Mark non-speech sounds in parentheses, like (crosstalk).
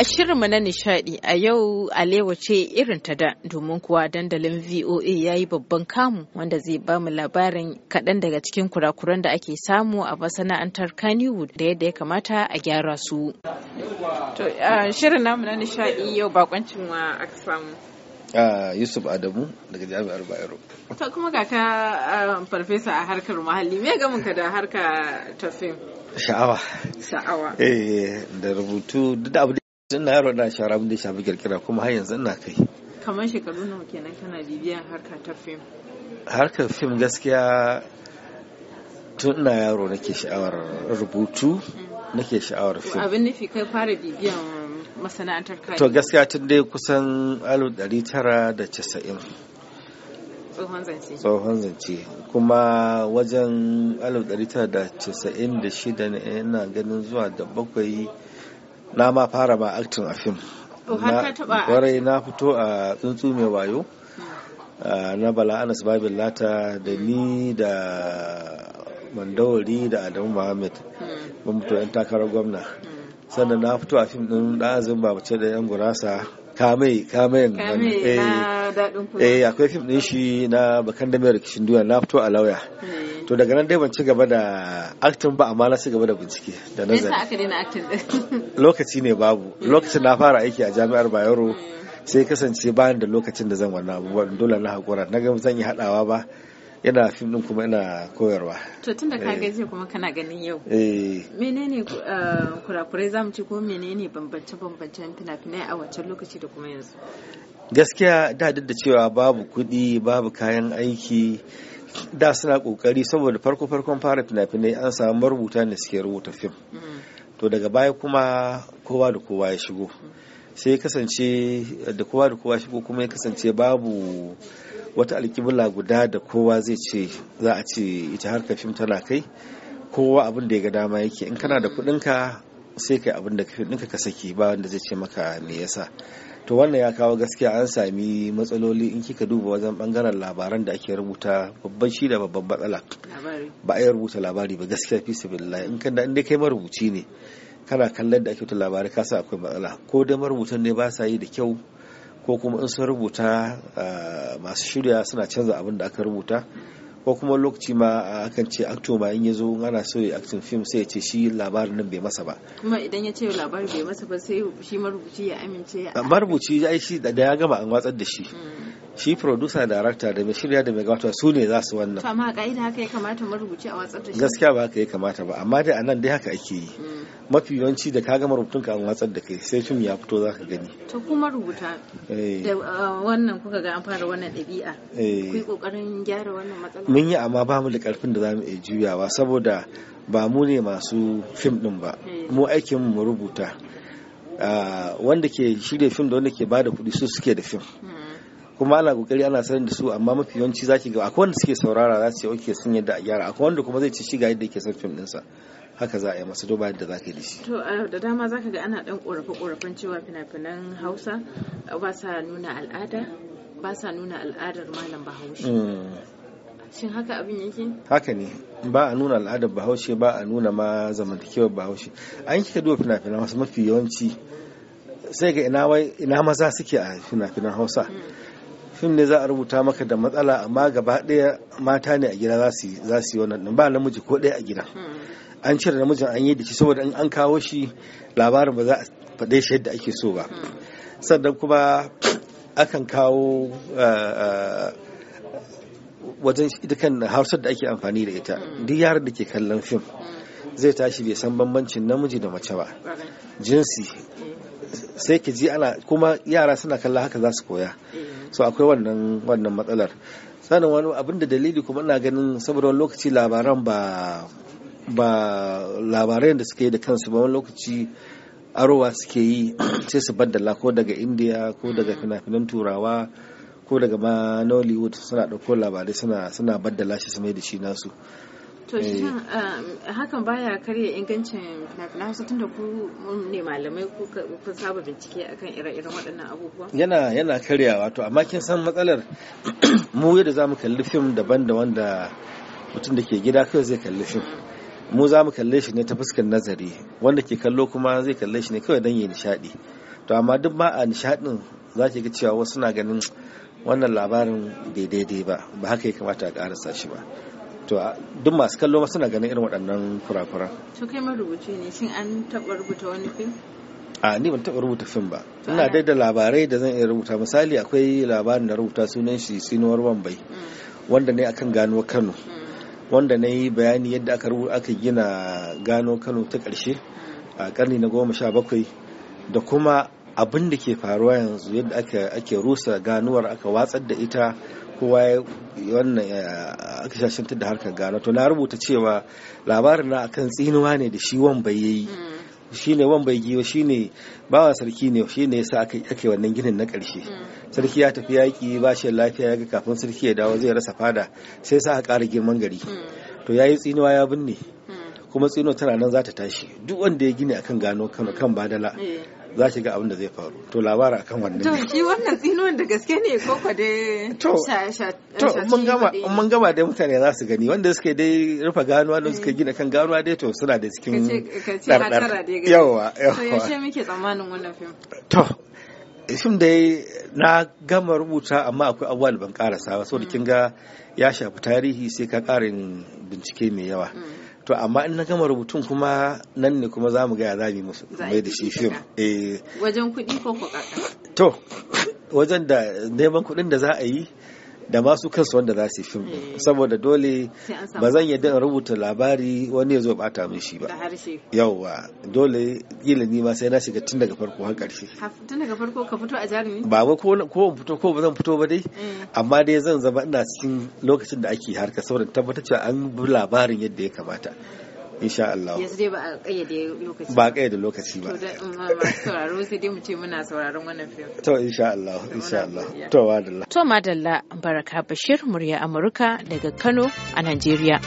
A shirinmu na nishadi a yau Alewa ce irin ta da domin kuwa dandalin VOA ya yi babban kamu wanda zai ba mu labarin kaɗan daga cikin kurakuran da ake samu a masana'antar Kannywood da yadda ya kamata a gyara su. To, shirin namu na nishadi yau bakoncin wa aka samu. Yusuf Adamu daga Jami'ar Bayero. To kuma ga ka farfesa a harkar muhalli me gamin ka da harka ta fim? Sha'awa. Sha'awa. Eh da rubutu duk da abu tun na yaro na shara abin da ya shafi kirkira kuma har yanzu ina kai kamar shekaru nawa kenan kana bibiyan harka ta fim harkar fim gaskiya tun ina yaro nake sha'awar rubutu mm. nake sha'awar fim abin nufi kai fara bibiyan masana'antar kai to gaskiya tun dai kusan alif ɗari tara da casa'in tsohon zance tsohon zance kuma wajen alif ɗari tara da casa'in da shida ne ina ganin zuwa da bakwai na ma fara ma acting a fim kwarai na fito a tsuntsu mai wayo na bala anas babin lata da ni da mandawari da adamu muhammad hmm. mun fito yan takarar gwamna sannan na fito a fim din ɗazin babace da yan gurasa kamai kamai eh akwai fim din shi na bakan da mai rikicin duniya na fito a lauya eh. to daga nan dai ban ci gaba da acting ba amma na ci gaba da bincike da nazari aka daina acting (laughs) lokaci ne babu eh. lokacin na fara aiki a jami'ar Bayero eh. sai kasance bayan da lokacin da zan wannan abubuwan dole na hakura na ga zan yi hadawa ba ina fim din kuma ina koyarwa to tunda ka gaji kuma kana ganin yau menene kurakurai zamu ci ko menene bambance bambancen fina-finai a wancan lokaci da kuma yanzu gaskiya da duk da cewa babu kuɗi babu kayan aiki da suna kokari saboda farko farkon fara fina-finai an samu marubuta da suke rubuta fim to daga baya kuma kowa da kowa ya shigo sai ya kasance da kowa da kowa shigo kuma ya kasance babu wata alkibla guda da kowa zai ce za a ce ita harkar fim tana kai kowa abin da ya ga dama yake in kana da kuɗinka sai kai abin da ɗinka ka saki ba wanda zai ce maka me yasa to wannan ya kawo gaskiya an sami matsaloli in kika duba wajen bangaren labaran da ake rubuta babban shi da babban matsala ba a yi rubuta labari ba gaskiya fi sabilillah in kan da inda kai marubuci ne kana kallon da ake rubuta labarai kasa akwai matsala ko dai marubutan ne ba sa yi da kyau ko kuma in sun rubuta ah, masu shirya suna canza abin da aka rubuta ko kuma lokaci ma akan ce acto ma in ya zo ana so acting film sai ya ce shi labarin nan bai masa ba kuma idan ya ce labarin bai masa ba sai shi marubuci ya amince marubuci ya shi da ya gama an watsar da shi mm. shi producer director da mai shirya da mai gabatar su ne za su wannan amma ka'ida haka ya kamata marubuci a watsar da shi gaskiya ba haka ya kamata ba amma dai anan dai haka ake yi mm. mafi yawanci da ka gama rubutun ka an watsar da kai sai fim ya fito za ka gani to kuma rubuta eh. da wannan kuka ga an fara wannan ɗabi'a eh. ku yi kokarin gyara wannan matsala mun yi amma ba mu da karfin da za mu iya juyawa saboda ba mu ne masu fim din ba eh. mu aikin mu rubuta ah, wanda ke shirya fim da wanda ke bada kuɗi su suke da fim mm. kuma ana kokari ana sanin da su amma mafi yawanci zaki ga akwai wanda suke saurara za su yi okay sun yadda a gyara akwai wanda kuma zai ci shiga yadda yake son fim ɗinsa haka za a yi masa duba yadda za ka yi shi. To da dama za ka ga ana ɗan korafe korafen cewa fina-finan Hausa ba sa nuna al'ada ba sa nuna al'adar malam Bahaushe. Mm. Shin haka abin yake? Haka ne ba a nuna al'adar Bahaushe ba a nuna ma zamantakewar Bahaushe. An kika duba fina-finan wasu mafi yawanci sai ga ina maza suke a fina-finan Hausa. Mm. fim ne za a rubuta maka da matsala amma gaba ɗaya mata ne a gida za su yi wannan ba namiji ko ɗaya a gida hmm. an cire namijin an yi da shi saboda in an kawo shi labarin ba za a faɗe shi yadda ake so ba hmm. sannan kuma akan kawo eh, eh, wajen ita kan hausar da ake amfani da ita hmm. duk yaran da ke kallon fim zai tashi bai san bambancin namiji da mace ba jinsi sai ki ji ana kuma yara suna kalla haka za su koya so akwai wannan matsalar sannan wani abin da dalili kuma ina ganin saboda wani lokaci labaran ba ba labaran da suke da kansu ba wani lokaci arowa suke yi (clears throat) sai su baddala ko daga indiya ko daga mm. finafinan turawa ko daga ma nollywood suna ɗauko labarai suna baddala shi su mai da shi nasu to eh. um, hakan baya karya ingancin fina-finan hausa tunda ku ne malamai ku saba bincike akan ire-iren waɗannan abubuwa yana yana karyawa to amma kin san matsalar (clears throat) mu yadda za mu kalli fim daban da wanda mutum da ke gida kawai zai kalli fim mu za mu kalle shi ne ta fuskar nazari wanda ke kallo kuma zai kalli shi ne kawai don yi nishaɗi to amma duk ba a nishaɗin za ki ga cewa wasu na ganin wannan labarin daidai ba ba haka ya kamata a ƙarasa shi ba to duk masu kallo suna ganin irin waɗannan kurakura to kai marubuci ne shin an taɓa rubuta wani fim a ni ban taɓa rubuta fim ba ina dai da labarai da zan iya rubuta misali akwai labarin da rubuta sunan shi sinuwar wambai mm. wanda ne akan gano kano mm. wanda na yi bayani yadda aka aka gina gano kano ta ƙarshe a ƙarni na goma sha bakwai da kuma abin da ke faruwa yanzu yadda ake rusa ganuwar aka watsar da ita kowa ya wannan aka shashantar da harkar gano to na rubuta cewa labarin na akan tsinuwa ne da shi wan bai yi mm. shi ne wan bai giwa shi ne bawa sarki ne shi ne yasa ake wannan ginin na karshe mm. sarki ya tafi yaƙi ba shi lafiya ya ga kafin sarki ya dawo zai rasa fada sai sa ƙara girman gari mm. to yayi tsinuwa ya binne kuma tsinuwa tana nan za ta tashi duk wanda ya gini akan gano kan badala za ki ga abin da zai faru to labara akan wannan to shi wannan tsinuwan da gaske ne ko ka dai to mun gama mun gama dai mutane za su gani wanda suke dai rufa ganuwa wanda suke eh. gina kan ganuwa dai to suna da cikin dardar yawa yawa to yaushe muke tsammanin wannan fim to fim dai na gama rubuta amma akwai abubuwa da ban karasa ba saboda mm. kin ga ya shafi tarihi sai ka karin bincike mai yawa mm. to amma in na gama rubutun kuma nan ne kuma za mu gaya za mu musu mai da shi fim wajen kuɗi ko kuɗaɗa eh. to wajen da neman kuɗin da za a yi da masu kansu wanda za su fim eh. saboda dole ba zan yadda in rubuta labari wani ya zo bata min shi ba yauwa dole ilimi ma sai na shiga tun daga farko har karshe tun daga farko ka fito a jarumi ba ba ko ko fito ko ba zan fito ba dai eh. amma dai zan zama ina cikin lokacin da ake harka saboda tabbatar cewa an bi labarin yadda ya kamata insha Allah yanzu dai ba a kayyade lokaci ba a kayyade lokaci ba to da mm, sauraro sai dai mu ce muna sauraron wannan fim to insha Allah insha Allah to madalla to madalla baraka bashir murya amurka daga Kano a Najeriya